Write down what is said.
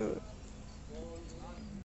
Uh,